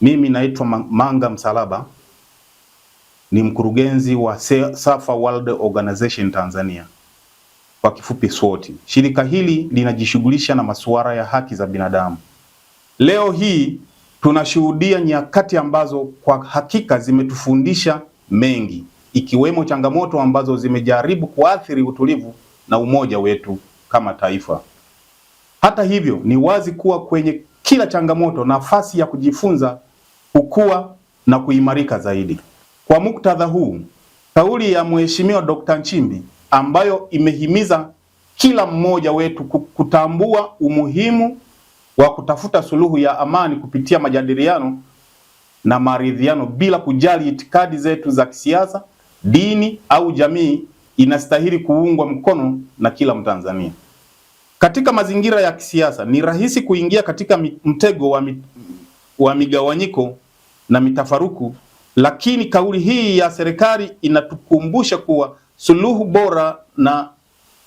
Mimi naitwa Manga Msalaba, ni mkurugenzi wa Safa World Organization Tanzania, kwa kifupi SWOT. Shirika hili linajishughulisha na masuala ya haki za binadamu. Leo hii tunashuhudia nyakati ambazo kwa hakika zimetufundisha mengi, ikiwemo changamoto ambazo zimejaribu kuathiri utulivu na umoja wetu kama taifa. Hata hivyo, ni wazi kuwa kwenye kila changamoto nafasi ya kujifunza kukua na kuimarika zaidi. Kwa muktadha huu, kauli ya Mheshimiwa Dr. Nchimbi ambayo imehimiza kila mmoja wetu kutambua umuhimu wa kutafuta suluhu ya amani kupitia majadiliano na maridhiano bila kujali itikadi zetu za kisiasa, dini au jamii inastahili kuungwa mkono na kila Mtanzania. Katika mazingira ya kisiasa, ni rahisi kuingia katika mtego wa wa migawanyiko na mitafaruku, lakini kauli hii ya serikali inatukumbusha kuwa suluhu bora na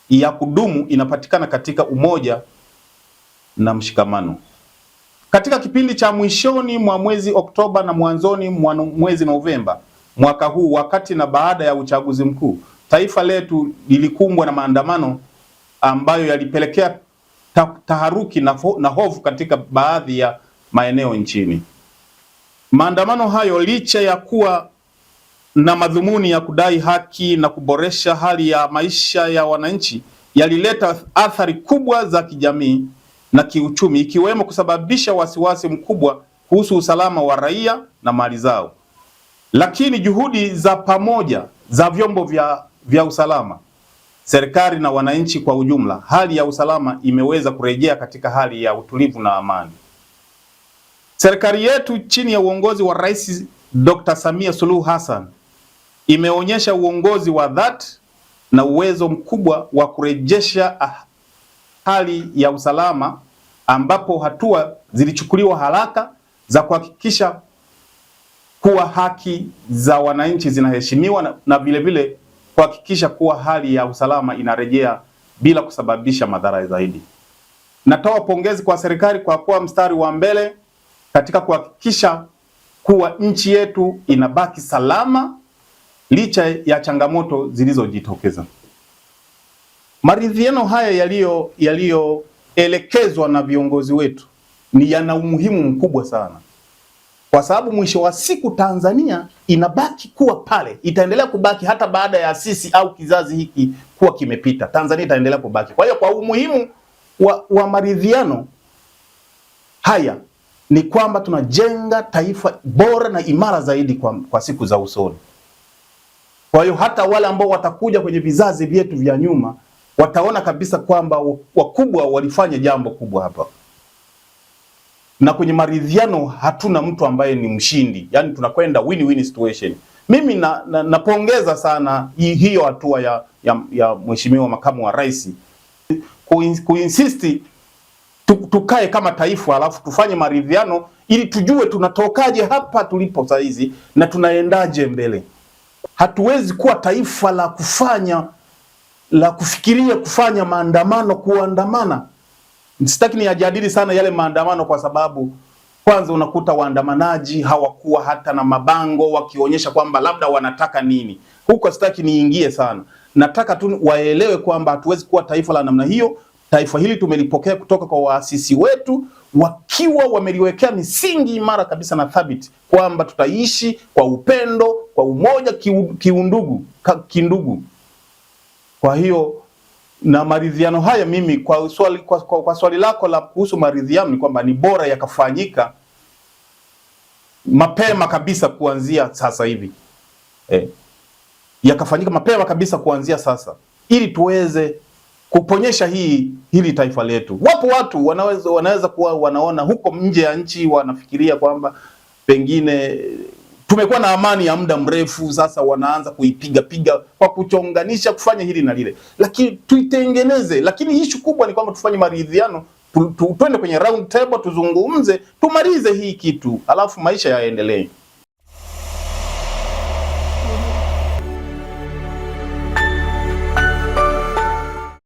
ya kudumu inapatikana katika umoja na mshikamano. Katika kipindi cha mwishoni mwa mwezi Oktoba na mwanzoni mwa mwezi Novemba mwaka huu, wakati na baada ya uchaguzi mkuu, taifa letu lilikumbwa na maandamano ambayo yalipelekea taharuki na, na hofu katika baadhi ya maeneo nchini. Maandamano hayo licha ya kuwa na madhumuni ya kudai haki na kuboresha hali ya maisha ya wananchi, yalileta athari kubwa za kijamii na kiuchumi, ikiwemo kusababisha wasiwasi mkubwa kuhusu usalama wa raia na mali zao. Lakini juhudi za pamoja za vyombo vya, vya usalama, serikali na wananchi kwa ujumla, hali ya usalama imeweza kurejea katika hali ya utulivu na amani. Serikali yetu chini ya uongozi wa Rais Dr. Samia Suluhu Hassan imeonyesha uongozi wa dhati na uwezo mkubwa wa kurejesha ah, hali ya usalama ambapo hatua zilichukuliwa haraka za kuhakikisha kuwa haki za wananchi zinaheshimiwa na vilevile kuhakikisha kuwa hali ya usalama inarejea bila kusababisha madhara zaidi. Natoa pongezi kwa serikali kwa kuwa mstari wa mbele katika kuhakikisha kuwa nchi yetu inabaki salama licha ya changamoto zilizojitokeza. Maridhiano haya yaliyo yaliyoelekezwa na viongozi wetu ni yana umuhimu mkubwa sana, kwa sababu mwisho wa siku Tanzania inabaki kuwa pale, itaendelea kubaki hata baada ya sisi au kizazi hiki kuwa kimepita, Tanzania itaendelea kubaki. Kwa hiyo kwa umuhimu wa, wa maridhiano haya ni kwamba tunajenga taifa bora na imara zaidi kwa, kwa siku za usoni. Kwa hiyo hata wale ambao watakuja kwenye vizazi vyetu vya nyuma wataona kabisa kwamba wakubwa walifanya jambo kubwa hapa, na kwenye maridhiano hatuna mtu ambaye ni mshindi, yaani tunakwenda win win situation. Mimi na, na, napongeza sana hiyo hatua ya, ya, ya mheshimiwa makamu wa rais kuinsisti tukae kama taifa alafu tufanye maridhiano ili tujue tunatokaje hapa tulipo saizi na tunaendaje mbele. Hatuwezi kuwa taifa la kufanya la kufikiria kufanya maandamano, kuandamana. Sitaki niyajadili sana yale maandamano, kwa sababu kwanza unakuta waandamanaji hawakuwa hata na mabango wakionyesha kwamba labda wanataka nini. Huko sitaki niingie sana, nataka tu waelewe kwamba hatuwezi kuwa taifa la namna hiyo. Taifa hili tumelipokea kutoka kwa waasisi wetu wakiwa wameliwekea misingi imara kabisa na thabiti kwamba tutaishi kwa upendo, kwa umoja, kiundugu, kindugu. Kwa hiyo na maridhiano haya, mimi kwa swali, kwa, kwa, kwa swali lako la kuhusu maridhiano ni kwamba ni bora yakafanyika mapema kabisa kuanzia sasa hivi eh, yakafanyika mapema kabisa kuanzia sasa ili tuweze kuponyesha hii hili taifa letu. Wapo watu wanaweza, wanaweza kuwa wanaona huko nje ya nchi, wanafikiria kwamba pengine tumekuwa na amani ya muda mrefu, sasa wanaanza kuipiga piga kwa kuchonganisha, kufanya hili na lile, lakini tuitengeneze. Lakini ishu kubwa ni kwamba tufanye maridhiano, tuende kwenye round table, tuzungumze, tumalize hii kitu, alafu maisha yaendelee.